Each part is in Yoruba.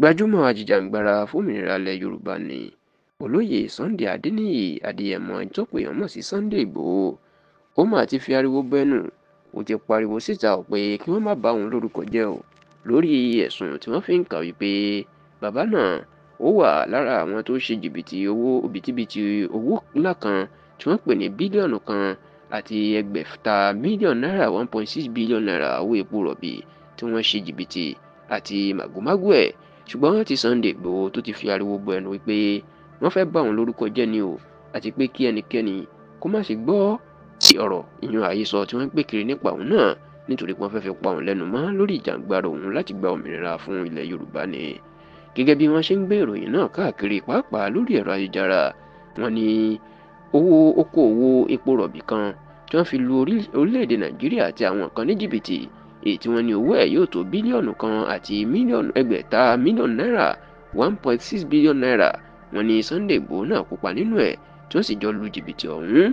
gbajúmọ̀ ajìjàǹgbara fómìnira ilẹ̀ yorùbá ni olóyè sunday adéníyì adéyẹmọ tó pè wọ́n sí sunday igbòho ó mà ti fi ariwo bẹ́nu ó ti pariwo síta ò pé kí wọ́n má bà òun lórúkọ jẹ́ o lórí ẹ̀sùn tí wọ́n fi ń kà wípé bàbá náà ó wà lára àwọn tó ṣe jìbìtì owó òbítíbitì owó ńlá kan tí wọ́n pè ní bílíọ̀nù kan àti ẹgbẹ̀ta mílíọ̀nù náírà one point six billion naira owó epo rọ̀bì tí wọ́n ṣe jìbìtì àti màgòmágó ẹ̀ ṣùgbọ́n láti Sunday Ìgbòho tó ti fi ariwo bọ ẹnu wípé wọ́n fẹ́ bà òun lórúkọ jẹ́ ni o àti pé kí ẹnikẹ́ni kó má sì gbọ́ ti ọ̀rọ̀ ìyún àhesọ tí wọ́n ń pè kiri nípa òun náà nítorí pé wọ́n fẹ́ fi pa òun lẹ́nu mọ́ lórí ìjàngbara òun láti gba òmìnira fún ilẹ̀ Yorùbá ni gẹ́gẹ́ bí wọ́n ṣe ń gbé ìròyìn náà káàkiri pàápàá lórí ẹ̀rọ ayélujára wọ́n ní owó okòòwò epo rọ̀bì kan tí wọ́n fi lu orílẹ̀-èdè Nàìjíríà àti àwọn kan ní jìbìtì èyí tí wọ́n ní owó ẹ̀ yóò tó bílíọ̀nù kan àti mílíọ̀nù ẹgbẹ̀ta mílíọ̀nù náírà one point six billion naira wọ́n ní Sunday Igboho náà kópa nínú ẹ̀ tí wọ́n sì jọ lu jìbìtì ọ̀hún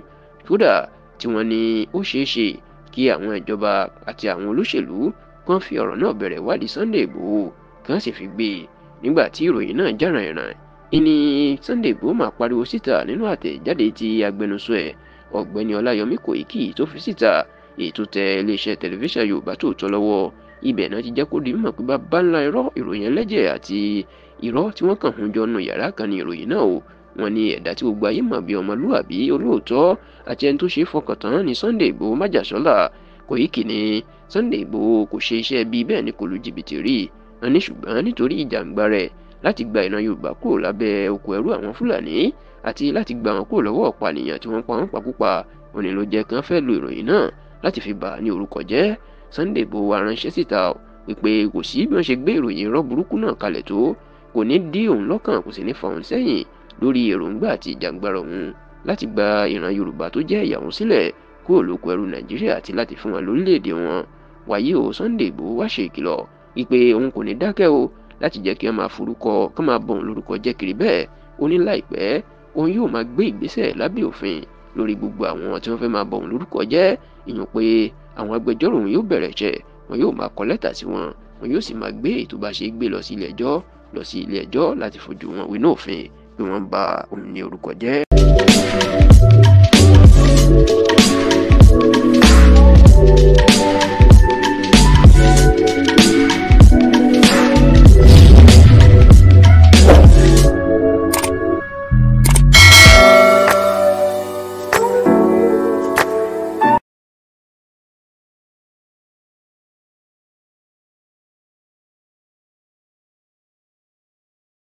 kódà tí wọ́n ní ó ṣeé ṣe kí àwọn ìjọba àti àwọn olóṣèlú kan fi ọ̀rọ̀ náà bẹ̀rẹ̀ wádìí Sunday Igboho kan sì fi gbé e nígbà tí ìròyìn náà já ràìnràìn ìní Sunday Igboho máa pariwo síta nínú àtẹ̀jáde ti agbẹnusọ ẹ̀ ọ̀gbẹ́ni Ọláyọmí Kòíkì tó fi síta ètò tẹ iléeṣẹ́ tẹlifíṣàn yorùbá tòótọ́ lọ́wọ́ ibẹ̀ náà ti jẹ́ kó di mímọ̀ pé bàbá ńlá irọ́ ìròyìn ẹlẹ́jẹ̀ àti irọ́ tí wọ́n kàn hun jọ nu yàrá kan ní ìròyìn náà o wọ́n ní ẹ̀dá tí gbogbo ayé mọ̀ bí ọmọlúwàbí olóòótọ́ àti ẹni tó ṣe é fọkàn ní Sunday Igboho májàsọ́lá Koiki ní Sunday Igboho kò ṣe iṣẹ́ bíi bẹ́ẹ̀ ni kò lu jìbìtì rí wọ́n ní ṣùgbọ́n nítorí ìjàǹgbá rẹ̀ láti gba ìran Yorùbá kúrò lábẹ́ oko ẹrú àwọn Fúlàní àti láti gba wọn kúrò lọ́wọ́ ọ̀pànìyàn tí wọ́n pa wọn pakúpa òní ló jẹ́ kán fẹ́ lo ìròyìn náà láti fi bà á ní orúkọ jẹ́ Sunday Igboho wa ránṣẹ́ síta wípé kò sí bí wọ́n ṣe gbé ìròyìn irọ́ burúkú náà kalẹ̀ tó kò ní dí òun lọ́kàn kò sì ní fa òun sẹ́yìn lórí èròǹgbà àti ìjàngbara òun láti gba ìran Yorùbá tó jẹ́ ẹ̀yà sílẹ̀ kúrò lóko ẹrú Nàìjíríà àti láti fún wọn lórílẹ̀‐èdè wọn wàyí o Sunday Igboho wá ṣe ìkìlọ̀ wípé òun kò ní dákẹ́ o láti jẹ́ kí wọ́n máa forúkọ kí wọ́n máa bọ̀ òun lórúkọ jẹ́ kiri bẹ́ẹ̀ ó ní láìpẹ́ òun yóò máa gbé ìgbésẹ̀ lábẹ́ òfin lórí gbogbo àwọn tí wọ́n fẹ́ máa bọ̀ wọ́n lórúkọ jẹ́ ìyàn pé àwọn agbẹjọ́rò wọn yóò bẹ̀rẹ̀ ṣẹ̀ wọn yóò máa kọ lẹ́tà sí wọn wọn yóò sì máa gbé ètò bá ṣe gbé lọ sí ilé ẹjọ́ lọ sí ilé ẹjọ́ láti fojú wọn wínú òfin pé wọ́n bà òun ní orúkọ jẹ́.